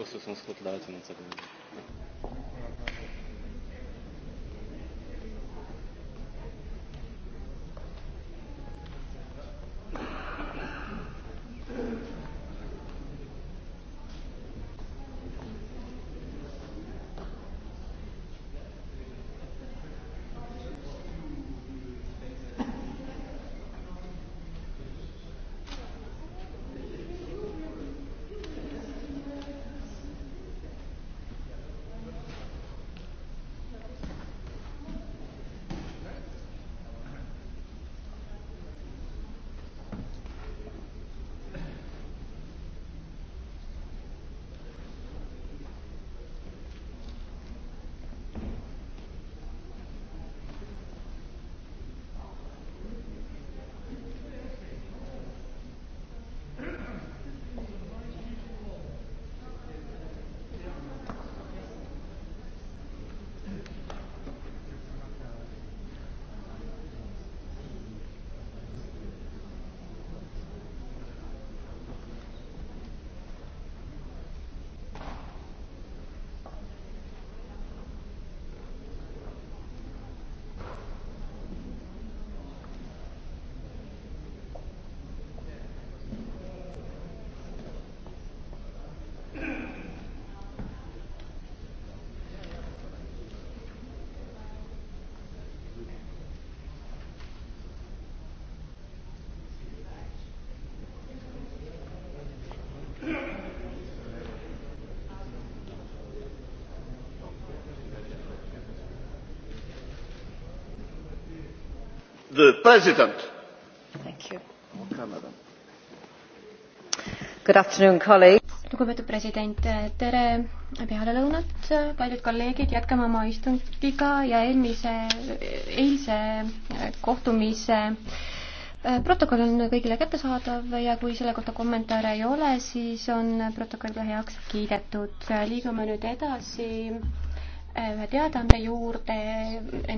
o să sunt scot la alții, nu înțeleg. the president. Thank you. Good afternoon, colleagues. lugupeetud president, tere pealelõunat, paljud kolleegid, jätkame oma istungiga ja eelmise, eilse kohtumise äh, protokoll on kõigile kättesaadav ja kui selle kohta kommentaare ei ole, siis on protokoll ka heaks kiidetud. liigume nüüd edasi äh, ühe teadaande juurde.